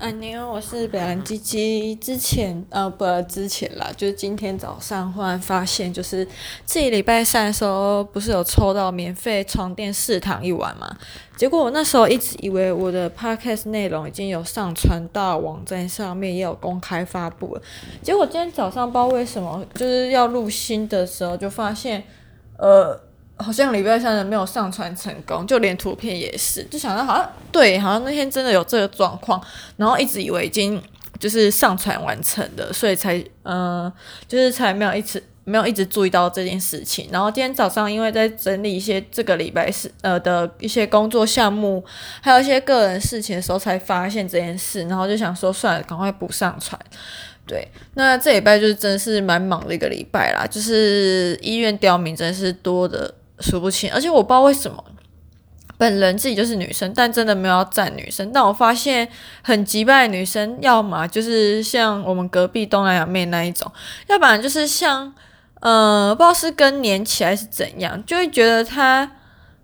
哎，你好，我是北蘭雞雞。之前呃，不，之前啦，就是今天早上忽然發現，就是這一禮拜三的時候，不是有抽到免費床墊試躺一晚嘛？結果我那時候一直以為我的 podcast 內容已經有上傳到網站上面，也有公開發布了。結果今天早上不知道為什麼就是要錄新的時候，就發現呃。好像禮拜三的沒有上傳成功，就連圖片也是，就想到好像對，好像那天真的有這個狀況，然後一直以為已經就是上傳完成的，所以才嗯、呃，就是才沒有一直沒有一直注意到這件事情。然後今天早上因為在整理一些這個禮拜是呃的一些工作項目，還有一些個人事情的時候，才發現這件事，然後就想說算了，趕快補上傳。對，那這禮拜就是真是蠻忙的一個禮拜啦，就是醫院刁民真是多的。數不清，而且我不知道為什麼本人自己就是女生，但真的沒有要讚女生。但我發現很機掰的女生，要麼就是像我們隔壁東南亞妹那一種，要不然就是像，呃，不知道是更年期還是怎樣，就會覺得她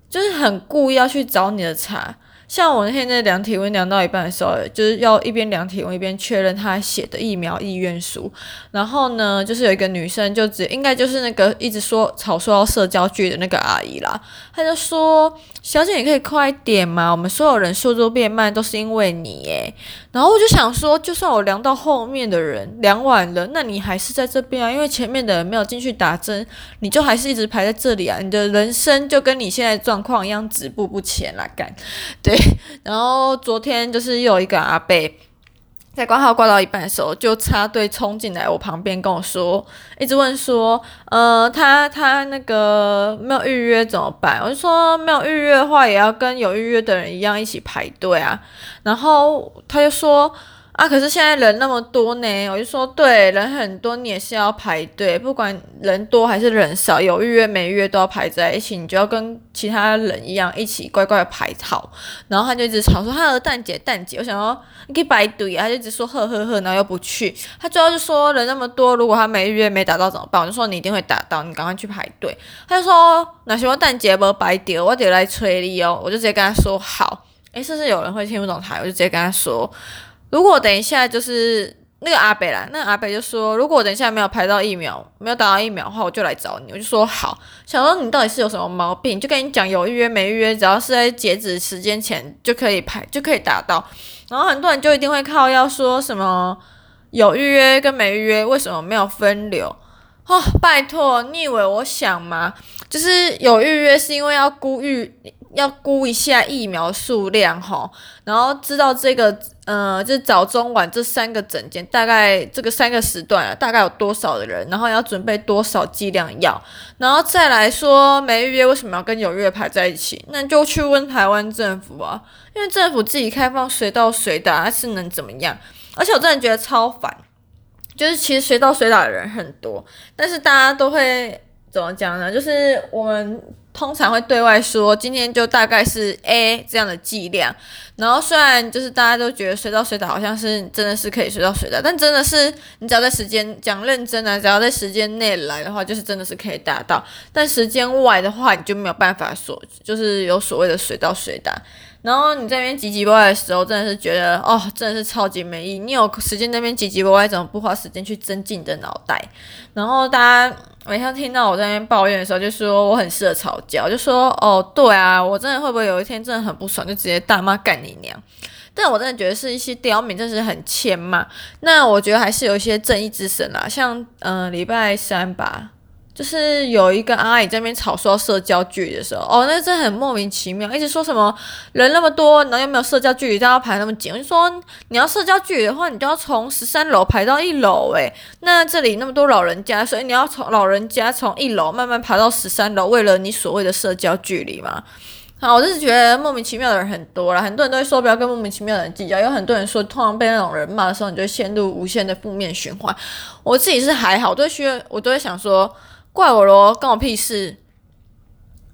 就是很故意要去找你的茬。像我現在量體溫量到一半的時候，就是要一邊量體溫一邊確認他寫的疫苗意願書。然後呢，就是有一個女生就指，就應該就是那個一直說吵說到社交劇的那個阿姨啦，她就說：“小姐，你可以快點嘛，我們所有人速度變慢都是因為你誒。”然後我就想說，就算我量到後面的人量完了，那你還是在這邊啊？因為前面的人沒有進去打針，你就還是一直排在這裡啊？你的人生就跟你現在狀況一樣，止步不前啦，幹，對。 然後昨天就是又有一個阿伯，在掛號掛到一半的時候，就插隊衝進來我旁邊跟我說，一直問說，呃，他他那個沒有預約怎麼辦？我就說沒有預約的話，也要跟有預約的人一樣一起排隊啊。然後他就說。啊！可是現在人那麼多呢，我就說對，人很多，你也是要排隊，不管人多還是人少，有預約沒預約都要排在一起，你就要跟其他人一樣一起乖乖的排好。然後他就一直吵說他和蛋姐、蛋姐，我想說你可以排隊、啊，他就一直說呵呵呵，然後又不去。他最後就說人那麼多，如果他沒預約沒打到怎麼辦？我就說你一定會打到，你趕快去排隊。他就說哪什麼蛋姐不白丟，我得來催你哦。我就直接跟他說好。誒、欸，是不是有人會聽不懂他？我就直接跟他說。如果等一下就是那個阿北啦，那個阿北就說，如果我等一下沒有排到疫苗，沒有打到疫苗的話，我就來找你。我就說好，想說你到底是有什麼毛病？就跟你講，有預約沒預約，只要是在截止時間前就可以排，就可以打到。然後很多人就一定會靠要說什麼有預約跟沒預約，為什麼沒有分流？哦，拜托，你以為我想嗎？就是有預約是因為要估預。要估一下疫苗數量吼、哦，然後知道這個，呃，就是早中晚這三個診間，大概這個三個時段了，大概有多少的人，然後要準備多少劑量藥，然後再來說，沒預約，為什麼要跟有約排在一起？那就去問台灣政府啊，因為政府自己開放隨到隨打，它是能怎麼樣？而且我真的覺得超煩，就是其實隨到隨打的人很多，但是大家都會怎麼講呢？就是我們。通常會對外說，今天就大概是 A 這樣的劑量。然後雖然就是大家都覺得隨到隨打，好像是真的是可以隨到隨打，但真的是你只要在時間講認真啊，只要在時間內來的話，就是真的是可以達到。但時間外的話，你就沒有辦法說，就是有所謂的隨到隨打。然後你這邊唧唧歪歪的時候，真的是覺得哦，真的是超級沒意義。你有時間那邊唧唧歪歪，怎麼不花時間去增進你的腦袋？然後大家每天聽到我在那邊抱怨的時候，就說我很適合吵架，就說哦對啊，我真的會不會有一天真的很不爽，就直接大罵幹你娘？但我真的覺得是一些刁民，真是很欠罵。那我覺得還是有一些正義之神啦、啊，像嗯、呃、禮拜三吧。就是有一個阿姨在那邊吵，說要社交距離的時候，哦，那個、真的很莫名其妙，一直說什麼人那麼多，然後又沒有社交距離，但要排那麼緊。我就是、說，你要社交距離的話，你就要從十三樓排到一樓，誒。那這裡那麼多老人家，所以你要從老人家從一樓慢慢爬到十三樓，為了你所謂的社交距離嘛。好，我就是覺得莫名其妙的人很多啦，很多人都會說不要跟莫名其妙的人計較，有很多人說，通常被那種人罵的時候，你就會陷入無限的負面循環。我自己是還好，我都要，我都會想說。怪我咯，關我屁事。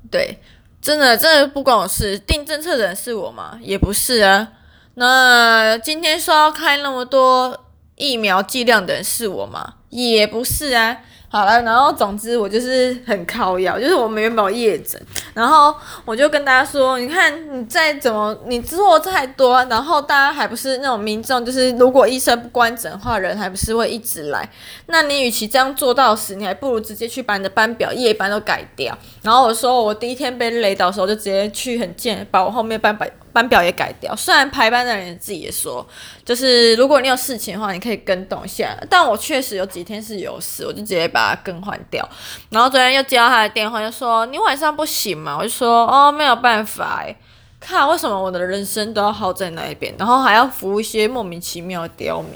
對，真的真的不關我事。定政策的人是我嗎？也不是啊。那今天說要開那麼多疫苗劑量的人是我嗎？也不是啊。好了，然後總之我就是很靠腰，就是我們沒有夜診。然後我就跟大家說，你看你再怎麼你做太多，然後大家還不是那種民眾，就是如果醫生不關診的話，人還不是會一直來。那你與其這樣做到死，你還不如直接去把你的班表夜班都改掉。然後我說我第一天被累倒的時候，就直接去很賤，把我後面班表班表也改掉。雖然排班的人自己也說，就是如果你有事情的話，你可以更動一下。但我確實有幾天是有事，我就直接把它更換掉。然後昨天又接到他的電話，就說你晚上不行嗎？我就說哦，沒有辦法耶，看為什麼我的人生都要耗在那一邊，然後還要服務一些莫名其妙的刁民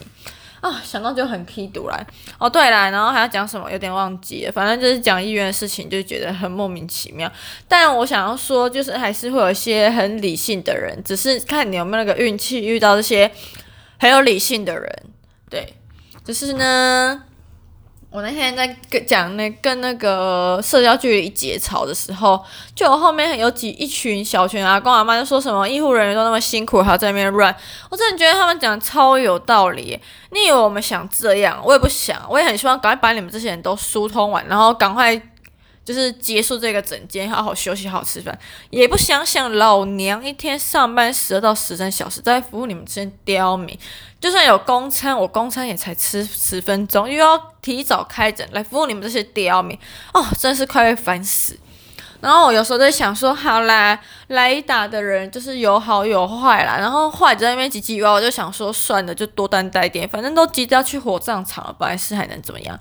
啊。哦，想到就很氣獨來哦，對了，然後還要講什麼，有點忘記了，反正就是講議員的事情，就覺得很莫名其妙。但我想要說，就是還是會有一些很理性的人，只是看你有沒有那個運氣遇到這些很有理性的人，對，只是呢。嗯我那天在跟講那跟那個社交距離節操的時候，就我後面有幾一群小群啊、跟我阿媽就說什麼醫護人員都那麼辛苦，還在那邊亂。我真的覺得他們講的超有道理。你以為我們想這樣？我也不想，我也很希望趕快把你們這些人都疏通完，然後趕快。就是結束這個診間，好好休息，好好吃飯，也不想想老娘一天上班十二到十三小時，在服務你們這些刁民。就算有公餐，我公餐也才吃十分鐘，又要提早開診來服務你們這些刁民，哦，真是快要煩死。然後我有時候在想說，好啦，來一打的人就是有好有壞啦，然後壞在那邊唧唧歪歪，我就想說算了，就多擔待點，反正都急着要去火葬場了，本來是還能怎麼樣。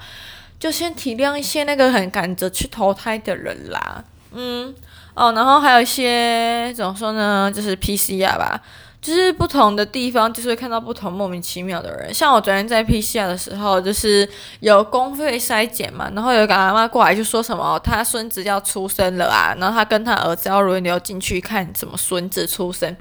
就先體諒一些那個很趕着去投胎的人啦，嗯，哦，然後還有一些怎麼說呢，就是 P C R 吧，就是不同的地方就是會看到不同莫名其妙的人。像我昨天在 P C R 的時候，就是有公費篩檢嘛，然後有個阿嬤過來就說什麼他孫子要出生了啊，然後他跟他兒子要輪流進去看什麼孫子出生，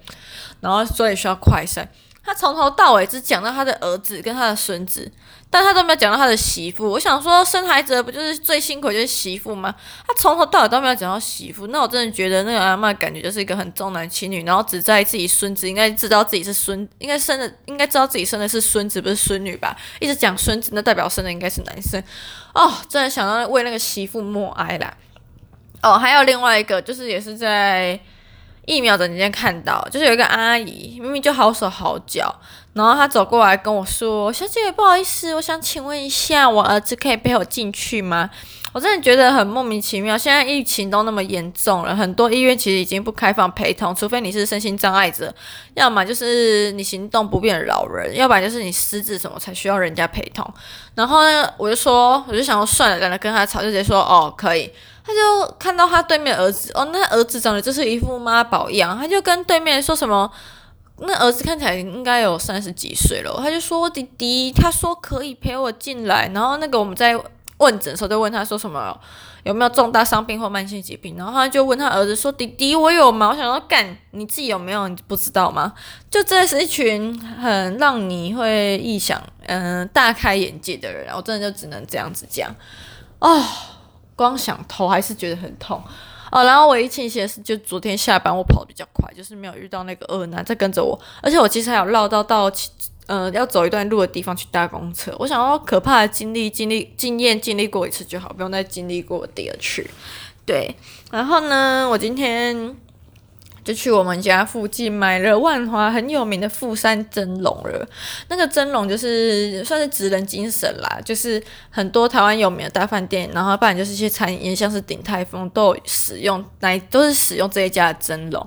然後所以需要快篩。他從頭到尾只講到他的兒子跟他的孫子，但他都沒有講到他的媳婦。我想說，生孩子不就是最辛苦就是媳婦嗎？他從頭到尾都沒有講到媳婦，那我真的覺得那個阿嬤感覺就是一個很重男輕女，然後只在意自己孫子，應該知道自己是孫，應該生的應該知道自己生的是孫子不是孫女吧？一直講孫子，那代表生的應該是男生。哦，真的想到為那個媳婦默哀啦。哦，還有另外一個，就是也是在。疫苗那天看到，就是有一個阿姨，明明就好手好腳，然後她走過來跟我說：“小姐，不好意思，我想請問一下，我兒子可以陪我進去嗎？”我真的覺得很莫名其妙。現在疫情都那麼嚴重了，很多醫院其實已經不開放陪同，除非你是身心障礙者，要麼就是你行動不便的老人，要不然就是你失智什麼才需要人家陪同。然後呢，我就說，我就想說算了，懶得跟他吵，就直接說：“哦，可以。”他就看到他對面兒子哦，那兒子長得就是一副媽寶樣。他就跟對面說什麼，那兒子看起來應該有三十幾歲了。他就說弟弟，他說可以陪我進來。然後那個我們在問診的時候就問他說什麼，有沒有重大傷病或慢性疾病。然後他就問他兒子說弟弟，我有嗎？我想說幹你自己有沒有你不知道嗎？就真的是一群很讓你會臆想嗯、呃、大開眼界的人。然後我真的就只能這樣子講啊。哦光想頭還是覺得很痛哦，然後唯一慶幸的是，就昨天下班我跑得比較快，就是沒有遇到那個惡男在跟着我，而且我其實還有繞道到，呃，要走一段路的地方去搭公車。我想要可怕的經歷、經歷經驗經歷過一次就好，不用再經歷過第二次。對，然後呢，我今天。就去我們家附近買了萬華很有名的富山蒸籠了，那個蒸籠就是算是職人精神啦，就是很多台灣有名的大飯店，然後不然就是一些餐飲，像是鼎泰豐都有使用來都是使用這一家的蒸籠。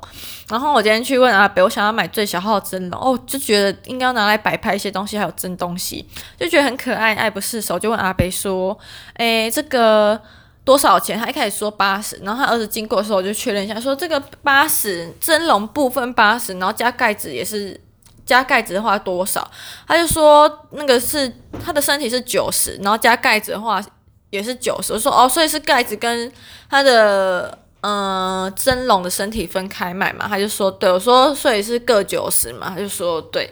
然後我今天去問阿北，我想要買最小號的蒸籠哦，就覺得應該要拿來擺拍一些東西，還有蒸東西，就覺得很可愛，愛不釋手，就問阿北說：“誒，這個。”多少錢？他一開始說八十，然後他兒子經過的時候我就確認一下，說這個八十蒸籠部分八十，然後加蓋子也是加蓋子的話多少？他就說那個是他的身體是九十，然後加蓋子的話也是九十。我說哦，所以是蓋子跟他的嗯、呃、蒸籠的身體分開買嘛？他就說對。我說所以是各九十嘛？他就說對。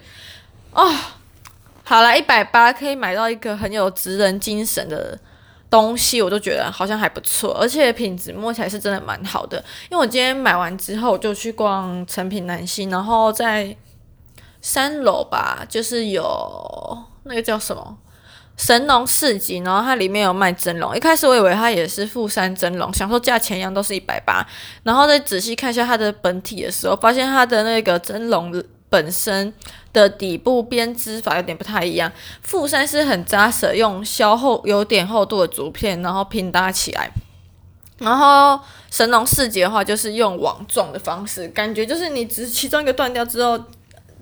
哦，好了，一百八可以買到一個很有職人精神的。東西我都覺得好像還不錯，而且品質摸起來是真的蠻好的。因為我今天買完之後，我就去逛誠品南西，然後在三樓吧，就是有那個叫什麼神農市集，然後它裡面有賣蒸籠。一開始我以為它也是富山蒸籠，想說價錢一樣都是一百八，然後再仔細看一下它的本體的時候，發現它的那個蒸籠。本身的底部編織法有點不太一樣，富山是很扎實，用削厚有點厚度的竹片，然後拼搭起來。然後神農四節的話，就是用網狀的方式，感覺就是你只其中一個斷掉之後，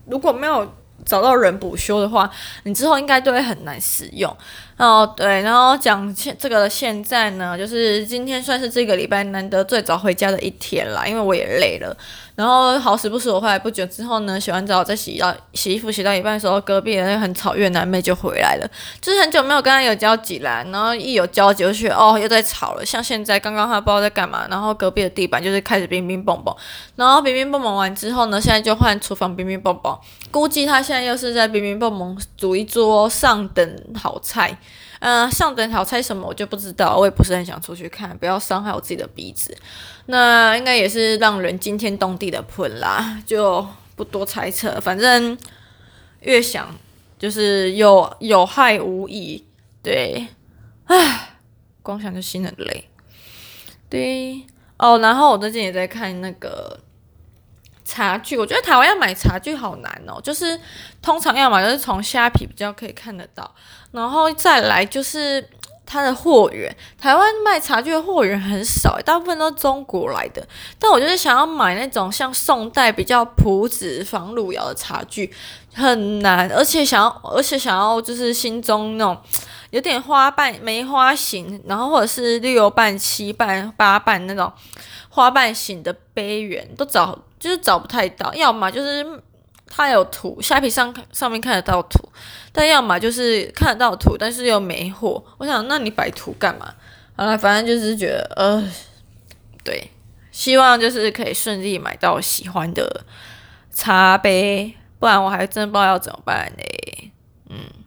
如果沒有找到人補修的話，你之後應該就會很難使用。哦，對，然後講現這個現在呢，就是今天算是這個禮拜難得最早回家的一天啦，因為我也累了。然後好死不死，我回來不久之後呢，洗完澡再洗到洗衣服洗到一半的時候，隔壁人很吵，越南妹就回來了。就是很久沒有跟她有交集啦，然後一有交集我就覺得哦又在吵了。像現在剛剛她不知道在幹嘛，然後隔壁的地板就是開始乒乒蹦蹦，然後乒乒蹦蹦完之後呢，現在就換廚房乒乒蹦蹦，估計她現在又是在乒乒蹦蹦煮一桌上等好菜。嗯、呃，上等好菜什麼我就不知道，我也不是很想出去看，不要傷害我自己的鼻子。那應該也是讓人驚天動地的噴啦，就不多猜測，反正越想就是有有害無益，對，唉，光想就心很累。對，哦，然後我最近也在看那個茶具，我覺得台灣要買茶具好難哦，就是通常要買就是從蝦皮比較可以看得到，然後再來就是。它的貨源，台灣賣茶具的貨源很少，欸，大部分都中國來的。但我就是想要買那種像宋代比較樸質仿汝窯的茶具，很難，而且想要，而且想要就是心中那種有點花瓣梅花形，然後或者是六瓣、七瓣、八瓣那種花瓣形的杯緣，都找就是找不太到，要麼就是。它有圖，下皮上上面看得到圖，但要麼就是看得到圖，但是又沒貨。我想，那你擺圖幹嘛？好了，反正就是覺得，呃，對，希望就是可以順利買到喜歡的茶杯，不然我還真不知道要怎麼辦嘞。嗯。